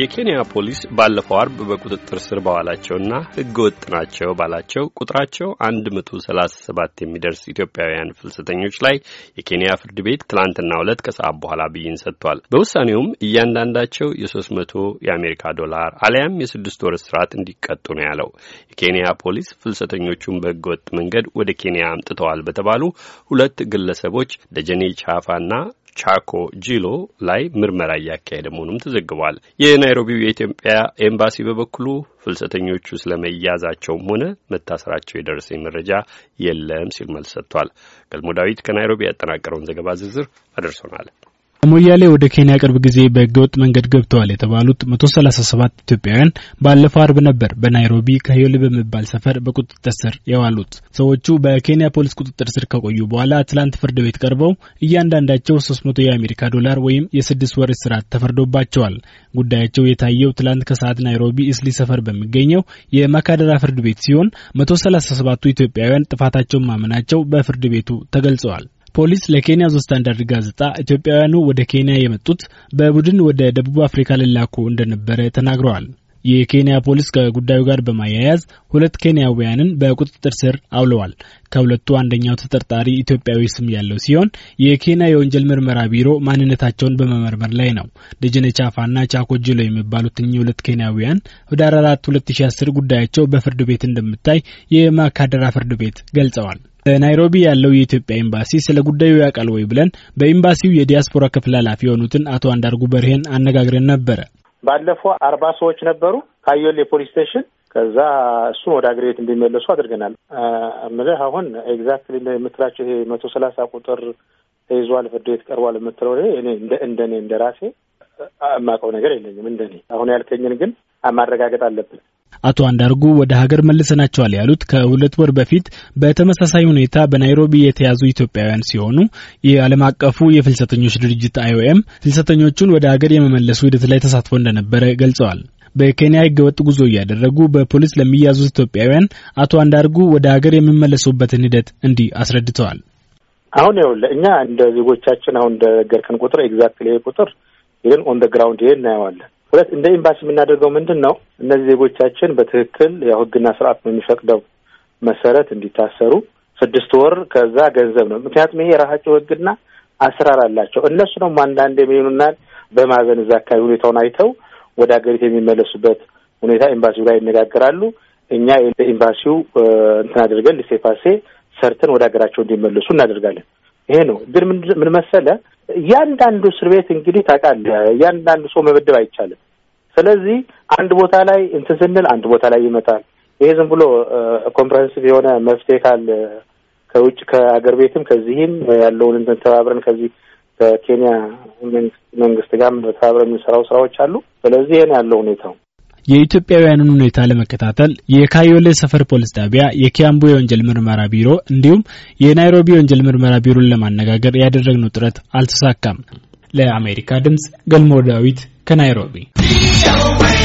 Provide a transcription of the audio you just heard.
የኬንያ ፖሊስ ባለፈው አርብ በቁጥጥር ስር በዋላቸውና ሕገ ወጥ ናቸው ባላቸው ቁጥራቸው 137 የሚደርስ ኢትዮጵያውያን ፍልሰተኞች ላይ የኬንያ ፍርድ ቤት ትናንትና ሁለት ከሰዓት በኋላ ብይን ሰጥቷል። በውሳኔውም እያንዳንዳቸው የ300 የአሜሪካ ዶላር አሊያም የስድስት ወር እስራት እንዲቀጡ ነው ያለው። የኬንያ ፖሊስ ፍልሰተኞቹን በሕገ ወጥ መንገድ ወደ ኬንያ አምጥተዋል በተባሉ ሁለት ግለሰቦች ደጀኔ ቻፋና ቻኮ ጂሎ ላይ ምርመራ እያካሄደ መሆኑም ተዘግቧል። የናይሮቢው የኢትዮጵያ ኤምባሲ በበኩሉ ፍልሰተኞቹ ስለመያዛቸውም ሆነ መታሰራቸው የደረሰኝ መረጃ የለም ሲል መልስ ሰጥቷል። ገልሞ ዳዊት ከናይሮቢ ያጠናቀረውን ዘገባ ዝርዝር አደርሶናል። ሞያሌ ወደ ኬንያ ቅርብ ጊዜ በህገወጥ መንገድ ገብተዋል የተባሉት 137 ኢትዮጵያውያን ባለፈው አርብ ነበር በናይሮቢ ከህዮል በሚባል ሰፈር በቁጥጥር ስር የዋሉት። ሰዎቹ በኬንያ ፖሊስ ቁጥጥር ስር ከቆዩ በኋላ ትላንት ፍርድ ቤት ቀርበው እያንዳንዳቸው 300 የአሜሪካ ዶላር ወይም የስድስት ወር እስራት ተፈርዶባቸዋል። ጉዳያቸው የታየው ትላንት ከሰዓት ናይሮቢ እስሊ ሰፈር በሚገኘው የማካደራ ፍርድ ቤት ሲሆን 137ቱ ኢትዮጵያውያን ጥፋታቸውን ማመናቸው በፍርድ ቤቱ ተገልጸዋል። ፖሊስ ለኬንያ ዞ ስታንዳርድ ጋዜጣ ኢትዮጵያውያኑ ወደ ኬንያ የመጡት በቡድን ወደ ደቡብ አፍሪካ ሊላኩ እንደነበረ ተናግረዋል። የኬንያ ፖሊስ ከጉዳዩ ጋር በማያያዝ ሁለት ኬንያውያንን በቁጥጥር ስር አውለዋል። ከሁለቱ አንደኛው ተጠርጣሪ ኢትዮጵያዊ ስም ያለው ሲሆን የኬንያ የወንጀል ምርመራ ቢሮ ማንነታቸውን በመመርመር ላይ ነው። ደጀነ ቻፋና ቻኮ ጅሎ የሚባሉት እኚህ ሁለት ኬንያውያን ህዳር 4 2010 ጉዳያቸው በፍርድ ቤት እንደምታይ የማካደራ ፍርድ ቤት ገልጸዋል። በናይሮቢ ያለው የኢትዮጵያ ኤምባሲ ስለ ጉዳዩ ያውቃል ወይ ብለን በኤምባሲው የዲያስፖራ ክፍል ኃላፊ የሆኑትን አቶ አንዳርጉ በርሄን አነጋግረን ነበረ። ባለፈው አርባ ሰዎች ነበሩ ካዮሌ የፖሊስ ስቴሽን። ከዛ እሱን ወደ ሀገር ቤት እንዲመለሱ አድርገናል። ምልህ አሁን ኤግዛክትሊ የምትላቸው ይሄ መቶ ሰላሳ ቁጥር ተይዟል፣ ፍርድ ቤት ቀርቧል የምትለው ይሄ እኔ እንደ እንደኔ እንደ ራሴ የማውቀው ነገር የለኝም። እንደኔ አሁን ያልከኝን ግን ማረጋገጥ አለብን። አቶ አንዳርጉ ወደ ሀገር መልሰናቸዋል ያሉት ከሁለት ወር በፊት በተመሳሳይ ሁኔታ በናይሮቢ የተያዙ ኢትዮጵያውያን ሲሆኑ የዓለም አቀፉ የፍልሰተኞች ድርጅት አይኦኤም ፍልሰተኞቹን ወደ ሀገር የመመለሱ ሂደት ላይ ተሳትፎ እንደነበረ ገልጸዋል። በኬንያ ህገወጥ ጉዞ እያደረጉ በፖሊስ ለሚያዙት ኢትዮጵያውያን አቶ አንዳርጉ ወደ ሀገር የሚመለሱበትን ሂደት እንዲህ አስረድተዋል። አሁን ያው እኛ እንደ ዜጎቻችን አሁን እንደ ቁጥር ኤግዛክት ቁጥር ይህን ኦን ደ ግራውንድ ይሄ እናየዋለን ሁለት እንደ ኤምባሲ የምናደርገው ምንድን ነው እነዚህ ዜጎቻችን በትክክል ያው ህግና ስርዓት በሚፈቅደው መሰረት እንዲታሰሩ ስድስት ወር ከዛ ገንዘብ ነው። ምክንያቱም ይሄ የራሳቸው ህግና አሰራር አላቸው። እነሱ ነው አንዳንድ የሚሆኑና በማዘን እዛ አካባቢ ሁኔታውን አይተው ወደ ሀገሪቱ የሚመለሱበት ሁኔታ ኤምባሲው ላይ ይነጋገራሉ። እኛ ኤምባሲው እንትን አድርገን ሴፓሴ ሰርተን ወደ ሀገራቸው እንዲመለሱ እናደርጋለን። ይሄ ነው። ግን ምን መሰለ እያንዳንዱ እስር ቤት እንግዲህ ታውቃለህ፣ እያንዳንዱ ሰው መመደብ አይቻልም። ስለዚህ አንድ ቦታ ላይ እንትን ስንል አንድ ቦታ ላይ ይመጣል። ይሄ ዝም ብሎ ኮምፕሬሄንሲቭ የሆነ መፍትሄ ካለ ከውጭ ከአገር ቤትም ከዚህም ያለውን እንትን ተባብረን ከዚህ ከኬንያ መንግስት ጋር ተባብረን የሚሰራው ስራዎች አሉ። ስለዚህ ይህን ያለው ሁኔታው የኢትዮጵያውያንን ሁኔታ ለመከታተል የካዮሌ ሰፈር ፖሊስ ጣቢያ፣ የኪያምቡ የወንጀል ምርመራ ቢሮ እንዲሁም የናይሮቢ የወንጀል ምርመራ ቢሮን ለማነጋገር ያደረግነው ጥረት አልተሳካም። ለአሜሪካ ድምጽ ገልሞ ዳዊት ከናይሮቢ